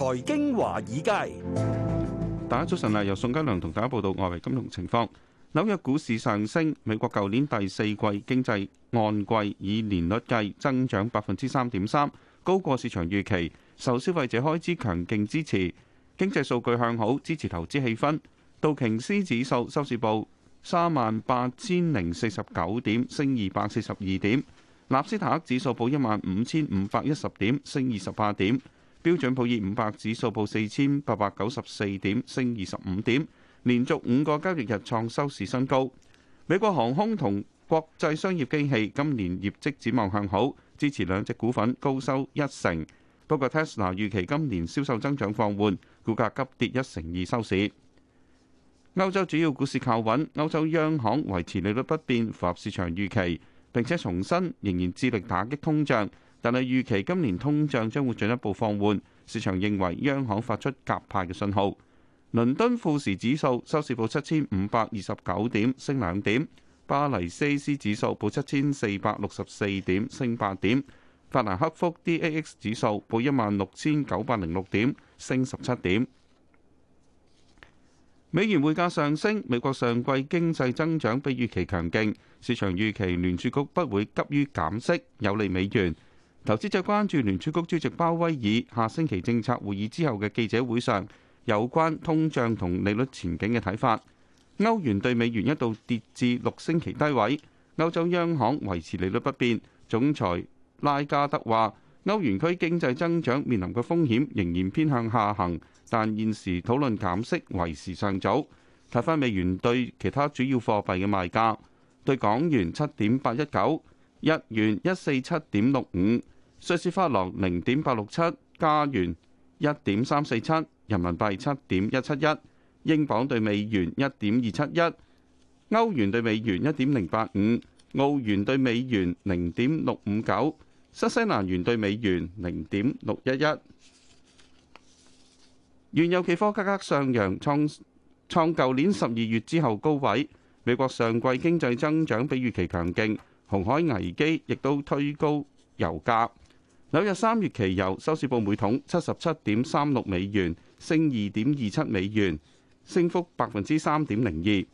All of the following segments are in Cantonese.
財經華爾街，大家早晨啊！由宋嘉良同大家報道外圍金融情況。紐約股市上升，美國舊年第四季經濟按季以年率計增長百分之三點三，高過市場預期，受消費者開支強勁支持，經濟數據向好，支持投資氣氛。道瓊斯指數收市報三萬八千零四十九點，升二百四十二點；納斯塔克指數報一萬五千五百一十點，升二十八點。標準普爾五百指數報四千八百九十四點，升二十五點，連續五個交易日創收市新高。美國航空同國際商業機器今年業績展望向好，支持兩隻股份高收一成。不過，Tesla 預期今年銷售增長放緩，股價急跌一成二收市。歐洲主要股市靠穩，歐洲央行維持利率不變，符合市場預期，並且重申仍然致力打擊通脹。但係預期今年通脹將會進一步放緩，市場認為央行發出鴿派嘅信號。倫敦富時指數收市報七千五百二十九點，升兩點；巴黎 CAC 指數報七千四百六十四點，升八點；法蘭克福 DAX 指數報一萬六千九百零六點，升十七點。美元匯價上升，美國上季經濟增長比預期強勁，市場預期聯儲局不會急於減息，有利美元。投資者關注聯儲局主席鮑威爾下星期政策會議之後嘅記者會上有關通脹同利率前景嘅睇法。歐元對美元一度跌至六星期低位，歐洲央行維持利率不變。總裁拉加德話：歐元區經濟增長面臨嘅風險仍然偏向下行，但現時討論減息為時尚早。睇返美元對其他主要貨幣嘅賣價，對港元七點八一九。日元一四七點六五，瑞士法郎零點八六七，加元一點三四七，人民幣七點一七一，英鎊兌美元一點二七一，歐元兌美元一點零八五，澳元兌美元零點六五九，新西蘭元兌美元零點六一一。原油期貨價格上揚創創舊年十二月之後高位。美國上季經濟增長比預期強勁。紅海危機亦都推高油價。紐約三月期油收市報每桶七十七點三六美元，升二點二七美元，升幅百分之三點零二。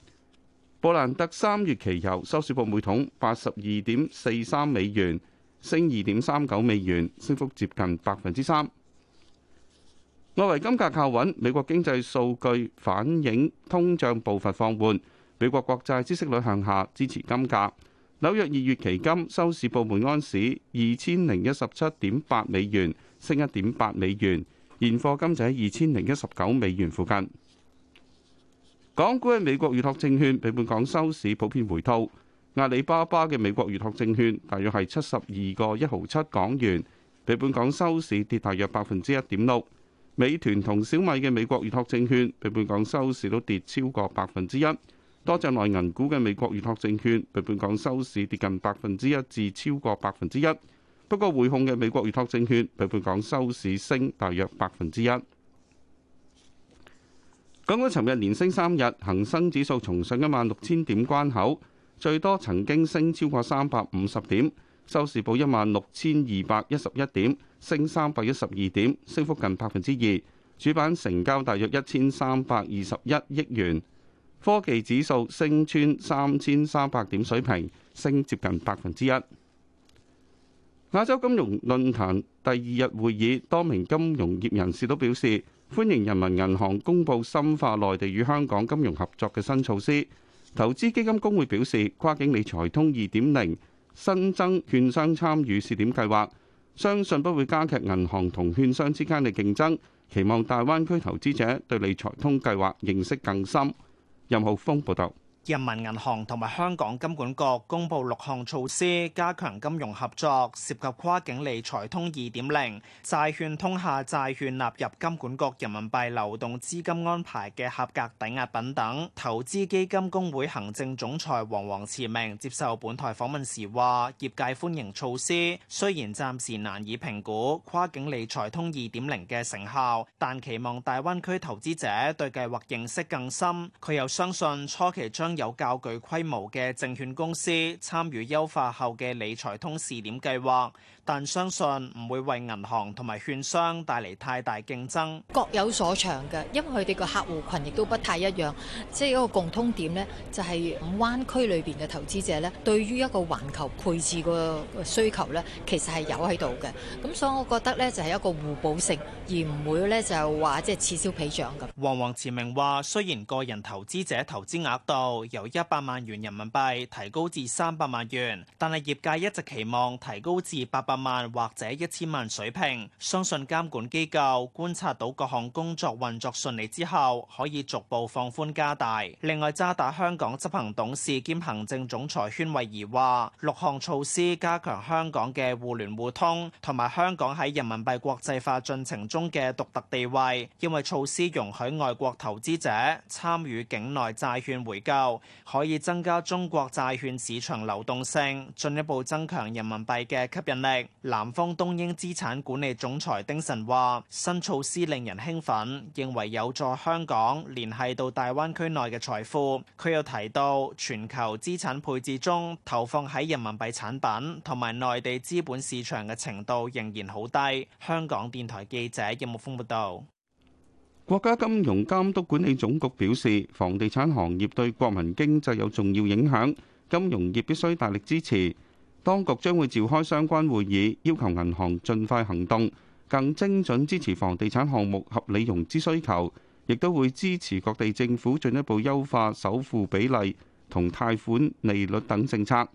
布蘭特三月期油收市報每桶八十二點四三美元，升二點三九美元，升幅接近百分之三。外圍金價靠穩，美國經濟數據反映通脹步伐放緩，美國國債孳息率向下支持金價。紐約二月期金收市報每安士二千零一十七點八美元，升一點八美元。現貨金就喺二千零一十九美元附近。港股嘅美國預託證券，比本港收市普遍回吐。阿里巴巴嘅美國預託證券，大約係七十二個一毫七港元，比本港收市跌大約百分之一點六。美團同小米嘅美國預託證券，比本港收市都跌超過百分之一。多隻內銀股嘅美國預託證券，比本港收市跌近百分之一至超過百分之一。不過匯控嘅美國預託證券，比本港收市升大約百分之一。港股尋日連升三日，恒生指數重上一萬六千點關口，最多曾經升超過三百五十點，收市報一萬六千二百一十一點，升三百一十二點，升幅近百分之二。主板成交大約一千三百二十一億元。科技指數升穿三千三百點水平，升接近百分之一。亞洲金融論壇第二日會議，多名金融業人士都表示歡迎人民銀行公布深化內地與香港金融合作嘅新措施。投資基金公會表示，跨境理財通二點零新增券商參與試點計劃，相信不會加劇銀行同券商之間嘅競爭。期望大灣區投資者對理財通計劃認識更深。任浩峰報道。人民銀行同埋香港金管局公布六項措施，加強金融合作，涉及跨境理財通2.0、債券通下債券納入金管局人民幣流動資金安排嘅合格抵押品等。投資基金公會行政總裁黃黃慈明接受本台訪問時話：業界歡迎措施，雖然暫時難以評估跨境理財通2.0嘅成效，但期望大灣區投資者對計劃認識更深。佢又相信初期將有較具規模嘅證券公司參與優化後嘅理財通試點計劃，但相信唔會為銀行同埋券商帶嚟太大競爭。各有所長嘅，因為佢哋個客戶群亦都不太一樣。即係一個共通點呢，就係大灣區裏邊嘅投資者呢，對於一個環球配置個需求呢，其實係有喺度嘅。咁所以我覺得呢，就係一個互補性，而唔會呢，就係話即係此消彼長咁。黃煌慈明話：雖然個人投資者投資額度，由一百萬元人民幣提高至三百萬元，但係業界一直期望提高至八百萬或者一千萬水平。相信監管機構觀察到各項工作運作順利之後，可以逐步放寬加大。另外，渣打香港執行董事兼行政總裁禤惠儀話：六項措施加強香港嘅互聯互通，同埋香港喺人民幣國際化進程中嘅獨特地位，因為措施容許外國投資者參與境內債券回購。可以增加中國債券市場流動性，進一步增強人民幣嘅吸引力。南方東英資產管理總裁丁晨話：新措施令人興奮，認為有助香港聯繫到大灣區內嘅財富。佢又提到，全球資產配置中投放喺人民幣產品同埋內地資本市場嘅程度仍然好低。香港電台記者任木峰報道。國家金融監督管理總局表示，房地產行業對國民經濟有重要影響，金融業必須大力支持。當局將會召開相關會議，要求銀行盡快行動，更精準支持房地產項目合理融資需求，亦都會支持各地政府進一步優化首付比例同貸款利率等政策。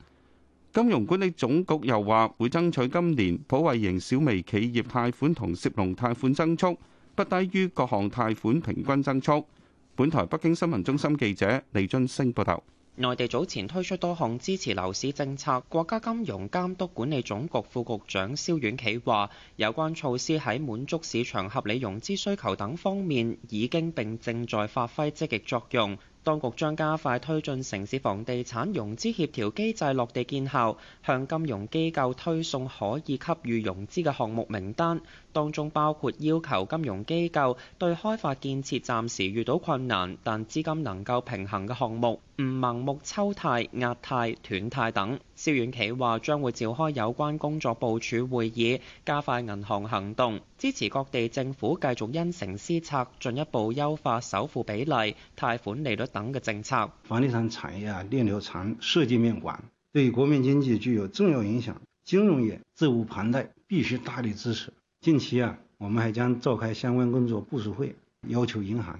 金融管理總局又話，會爭取今年普惠型小微企業貸款同涉農貸款增速。不低於各項貸款平均增速。本台北京新聞中心記者李俊升報道，內地早前推出多項支持樓市政策。國家金融監督管理總局副局長肖遠企話：有關措施喺滿足市場合理融資需求等方面，已經並正在發揮積極作用。當局將加快推進城市房地產融資協調機制落地見效，向金融機構推送可以給予融資嘅項目名單，當中包括要求金融機構對開發建設暫時遇到困難但資金能夠平衡嘅項目。唔盲目抽貸、壓貸、斷貸等。肖遠企話將會召開有關工作部署會議，加快銀行行動，支持各地政府繼續因城施策，進一步優化首付比例、貸款利率等嘅政策。房地產產業啊，鏈條長、涉及面廣，對國民經濟具有重要影響。金融業責無旁貸，必須大力支持。近期啊，我們還將召開相關工作部署會，要求銀行。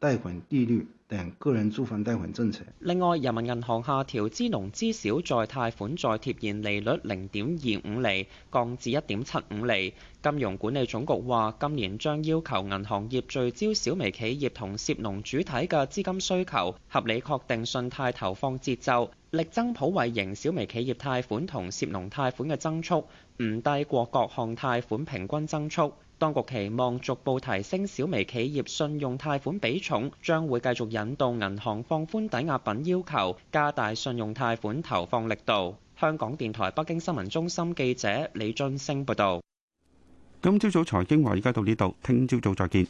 貸款利率等個人住房貸款政策。另外，人民銀行下調支農支小再貸款再貼現利率零點二五厘降至一點七五厘。金融管理總局話，今年將要求銀行業聚焦小微企業同涉農主體嘅資金需求，合理確定信貸投放節奏，力增普惠型小微企業貸款同涉農貸款嘅增速，唔低過各項貸款平均增速。當局期望逐步提升小微企業信用貸款比重，將會繼續引導銀行放寬抵押品要求，加大信用貸款投放力度。香港電台北京新聞中心記者李津星報道。今朝早財經華，而家到呢度，聽朝早再見。